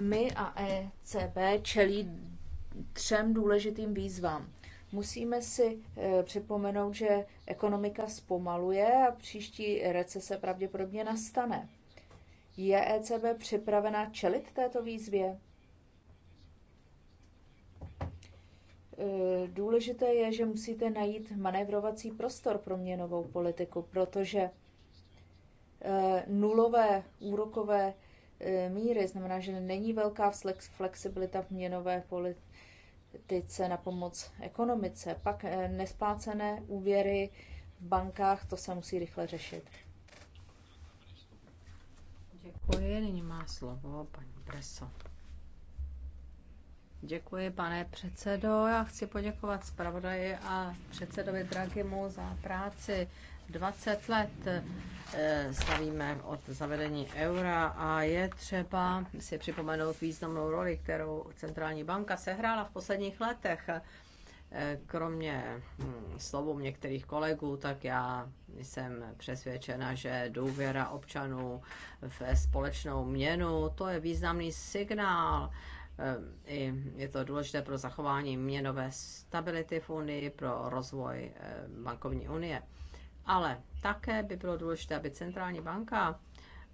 My a ECB čelí třem důležitým výzvám. Musíme si e, připomenout, že ekonomika zpomaluje a příští recese pravděpodobně nastane. Je ECB připravena čelit této výzvě? Eh, důležité je, že musíte najít manévrovací prostor pro měnovou politiku, protože eh, nulové úrokové eh, míry znamená, že není velká flexibilita v měnové politice na pomoc ekonomice. Pak nesplácené úvěry v bankách, to se musí rychle řešit. Děkuji, nyní má slovo paní Breso. Děkuji, pane předsedo. Já chci poděkovat zpravodaji a předsedovi Dragimu za práci. 20 let eh, slavíme od zavedení eura a je třeba si připomenout významnou roli, kterou centrální banka sehrála v posledních letech. Eh, kromě hm, slovů některých kolegů, tak já jsem přesvědčena, že důvěra občanů ve společnou měnu, to je významný signál, Eh, je to důležité pro zachování měnové stability v Unii, pro rozvoj eh, bankovní unie. Ale také by bylo důležité, aby centrální banka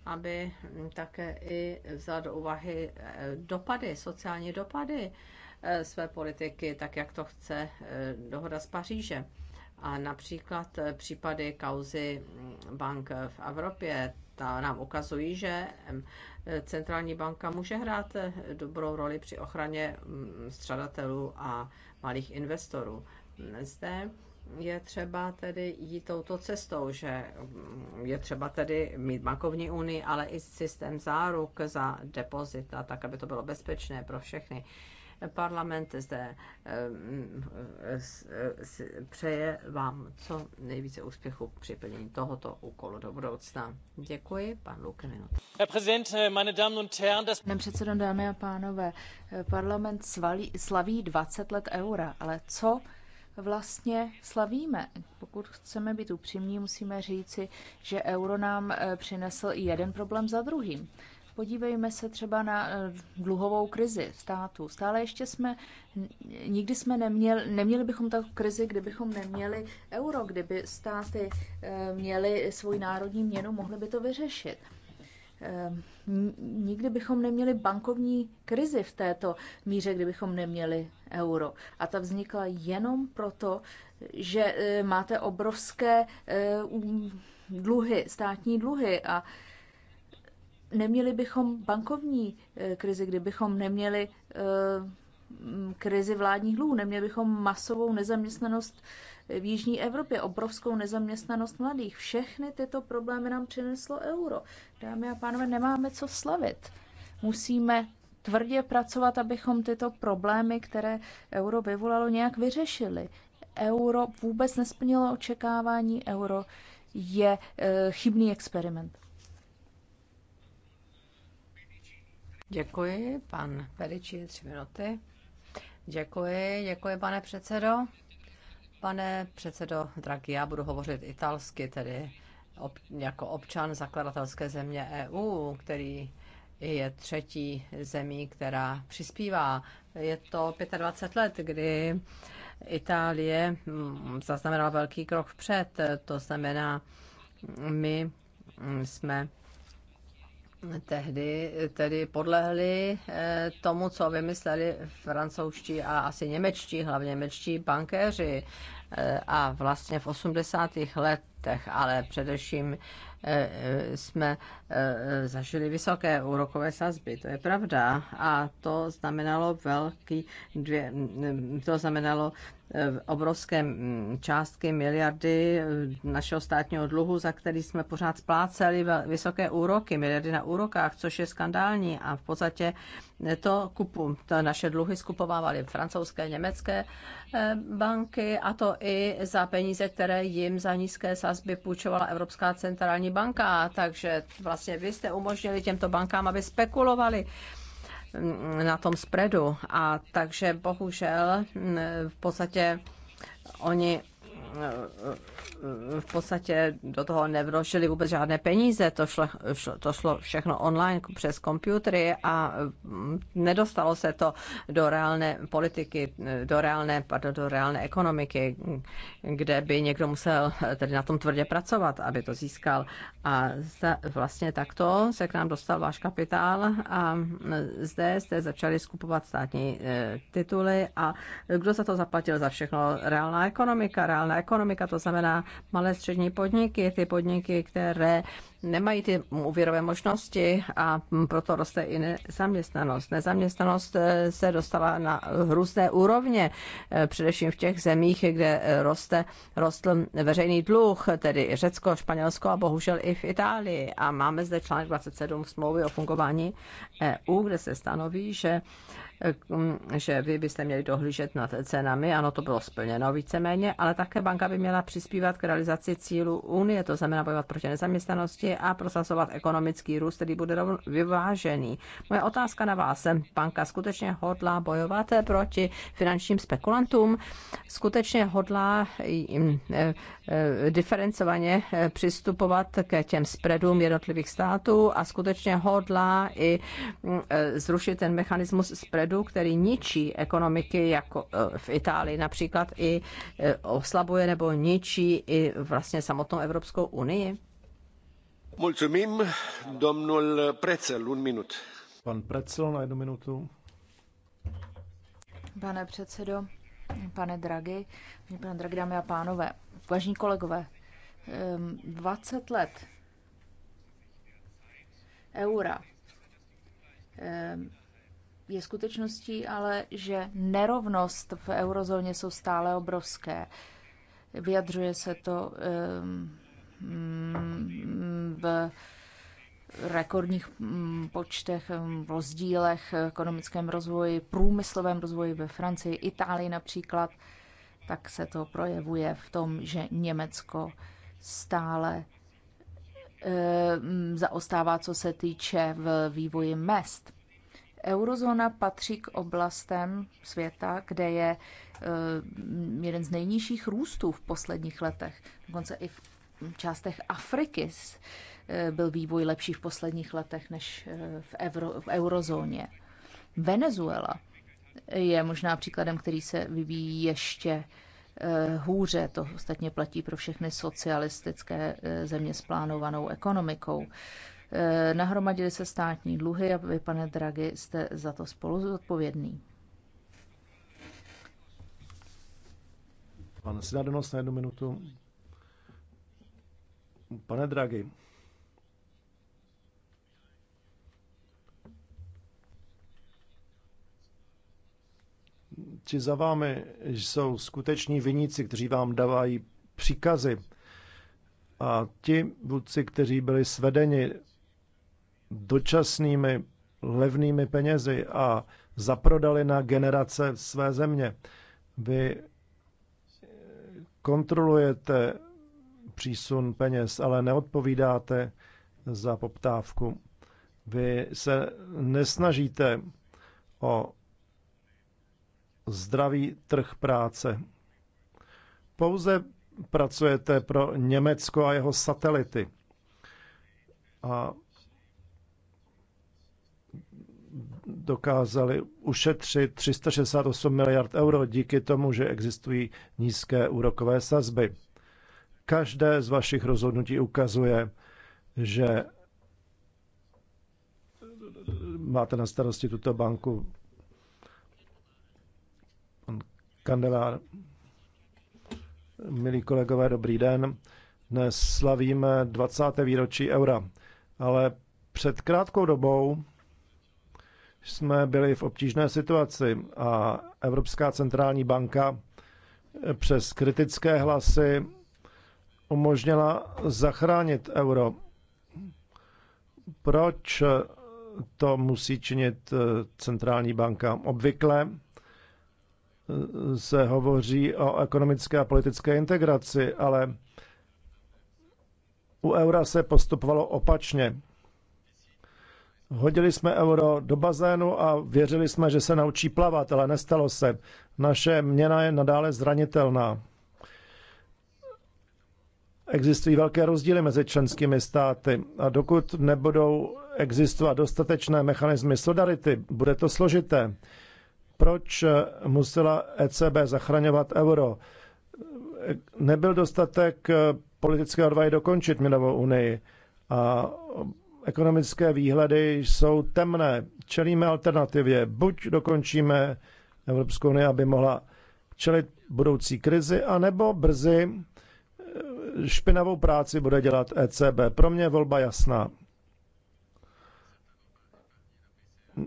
aby také i vzala do úvahy eh, dopady, sociální dopady své politiky, tak jak to chce dohoda z Paříže. A například eh, případy kauzy mm, bank eh, v Evropě ta nám ukazují, že mm, eh, centrální banka může hrát dobrou roli při ochraně mm, střadatelů a malých investorů. Zde je třeba tedy jít touto cestou, že je třeba tedy mít bankovní unii, ale i systém záruk za depozita, tak aby to bylo bezpečné pro všechny. Parlament zde eh, eh, přeje vám co nejvíce úspěchu při plnění tohoto úkolu do budoucna. Děkuji, pan Luke Minut. Eh, Pane předsedo, dámy a pánové, parlament svalí, slaví 20 let eura, ale co vlastně slavíme. Pokud chceme být upřímní, musíme říci, že euro nám přinesl jeden problém za druhým. Podívejme se třeba na eh, dluhovou krizi státu. Stále ještě jsme, nikdy jsme neměli, neměli bychom tak krizi, kdybychom neměli euro, kdyby státy eh, měly svoji národní měnu, mohly by to vyřešit. Eh, nikdy bychom neměli bankovní krizi v této míře, kdybychom neměli euro. A ta vznikla jenom proto, že máte obrovské dluhy, státní dluhy a neměli bychom bankovní eh, krizi, kdybychom neměli eh, krizi vládních dluhů, neměli bychom masovou nezaměstnanost v Jižní Evropě, obrovskou nezaměstnanost mladých. Všechny tyto problémy nám přineslo euro. Dámy a pánové, nemáme co slavit. Musíme tvrdě pracovat, abychom tyto problémy, které euro vyvolalo, nějak vyřešili. Euro vůbec nesplnilo očekávání, euro je e, chybný experiment. Děkuji, pan Periči, tři minuty. Děkuji, děkuji, pane předsedo. Pane předsedo Draghi, já budu hovořit italsky, tedy ob, jako občan zakladatelské země EU, který je třetí zemí, která přispívá. Je to 25 let, kdy Itálie mm, zaznamenala velký krok vpřed, to znamená, my jsme tehdy tedy podlehli eh, tomu, co vymysleli francouzští a asi němečtí, hlavně němečtí bankéři. Eh, a vlastně v 80. letech, ale především eh, jsme zažili vysoké úrokové sazby, to je pravda. A to znamenalo velký, dvě, to znamenalo obrovské mm, částky, miliardy eh, našeho státního dluhu, za který jsme pořád spláceli vysoké úroky, miliardy na úrokách, což je skandální a v podstatě eh, to, kupu, to naše dluhy skupovávaly francouzské, německé eh, banky a to i za peníze, které jim za nízké sazby půjčovala Evropská centrální banka. Takže vlastně vy jste umožnili těmto bankám, aby spekulovali na tom spredu A takže bohužel mm, v podstatě oni Eh, v podstatě do toho nevrošili vůbec žádné peníze, to šlo, to šlo všechno online přes komputery a mm, nedostalo se to do reálné politiky, eh, do reálné, pardon, do reálné ekonomiky, kde by někdo musel tedy na tom tvrdě pracovat, aby to získal. A zda, vlastně takto se k nám dostal váš kapitál a mm, zde jste začali skupovat státní eh, tituly a kdo za to zaplatil za všechno? Reálná ekonomika, reálná ekonomika, to znamená malé střední podniky, ty podniky, které nemají ty úvěrové možnosti a proto roste i nezaměstnanost. Nezaměstnanost eh, se dostala na různé úrovně, eh, především v těch zemích, kde roste, rostl veřejný dluh, tedy Řecko, Španělsko a bohužel i v Itálii. A máme zde článek 27 smlouvy o fungování EU, kde se stanoví, že eh, že vy byste měli dohlížet nad cenami, ano, to bylo splněno víceméně, ale také banka by měla přispívat k realizaci cílu Unie, to znamená bojovat proti nezaměstnanosti a prosazovat ekonomický růst, který bude vyvážený. Moje otázka na vás. Banka skutečně hodlá bojovat proti finančním spekulantům? Skutečně hodlá eh, eh, diferencovaně eh, přistupovat k těm spreadům jednotlivých států a skutečně hodlá i mm, zrušit ten mechanismus spreadu, který ničí ekonomiky jako v Itálii například i oslabuje nebo ničí i vlastně samotnou Evropskou unii? minut. Pan na jednu minutu. Pane předsedající pane Draghi, pane Draghi, dámy a pánové, vážní kolegové, 20 ehm, let eura ehm, je skutečností ale, že nerovnost v eurozóně jsou stále obrovské. Vyjadřuje se to ehm, Mm, v rekordních mm, počtech, mm, v rozdílech v ekonomickém rozvoji, průmyslovém rozvoji ve Francii, Itálii například, tak se to projevuje v tom, že Německo stále eh, zaostává, co se týče v vývoji mest. Eurozóna patří k oblastem světa, kde je eh, jeden z nejnižších růstů v posledních letech. Dokonce i v částech Afriky eh, byl vývoj lepší v posledních letech než eh, v, euro, v eurozóně. Venezuela je možná příkladem, který se vyvíjí ještě eh, hůře. To ostatně platí pro všechny socialistické země s plánovanou ekonomikou. Nahromadily se státní dluhy a vy, pane Draghi, jste za to spolu zodpovědný. Pane Sidadonos na jednu minutu. Pane Draghi, či za vámi jsou skuteční viníci, kteří vám dávají příkazy. A ti vůdci, kteří byli svedeni dočasnými levnými penězi a zaprodali na generace své země. Vy kontrolujete přísun peněz, ale neodpovídáte za poptávku. Vy se nesnažíte o zdravý trh práce. Pouze pracujete pro Německo a jeho satelity. A dokázali ušetřit 368 miliard euro díky tomu, že existují nízké úrokové sazby. Každé z vašich rozhodnutí ukazuje, že máte na starosti tuto banku. Kandelár. Milí kolegové, dobrý den. Dnes slavíme 20. výročí eura, ale před krátkou dobou jsme byli v obtížné situaci a Evropská centrální banka přes kritické hlasy umožnila zachránit euro. Proč to musí činit eh, centrální banka? Obvykle eh, se hovoří o ekonomické a politické integraci, ale u eura se postupovalo opačně. Hodili jsme euro do bazénu a věřili jsme, že se naučí plavat, ale nestalo se. Naše měna je nadále zranitelná. Existují velké rozdíly mezi členskými státy a dokud nebudou existovat dostatečné mechanismy solidarity, bude to složité. Proč musela ECB zachraňovat euro? Nebyl dostatek politického odvahy dokončit měnovou unii a ekonomické výhledy jsou temné. Čelíme alternativě. Buď dokončíme Evropskou unii, aby mohla čelit budoucí krizi, anebo brzy špinavou práci bude dělat ECB. Pro mě je volba jasná.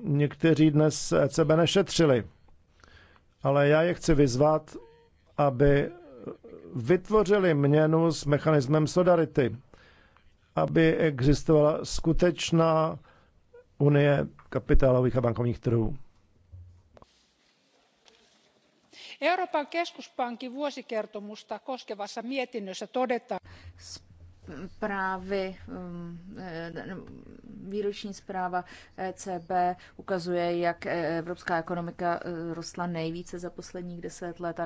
Někteří dnes ECB nešetřili, ale já je chci vyzvat, aby vytvořili měnu s mechanismem solidarity, aby existovala skutečná unie kapitálových a bankovních trhů. euroopan keskuspankin vuosikertomusta koskevassa mietinnössä todetaan um, eh, výroční zpráva ECB ukazuje, jak evropská ekonomika eh, rostla nejvíce za posledních deset let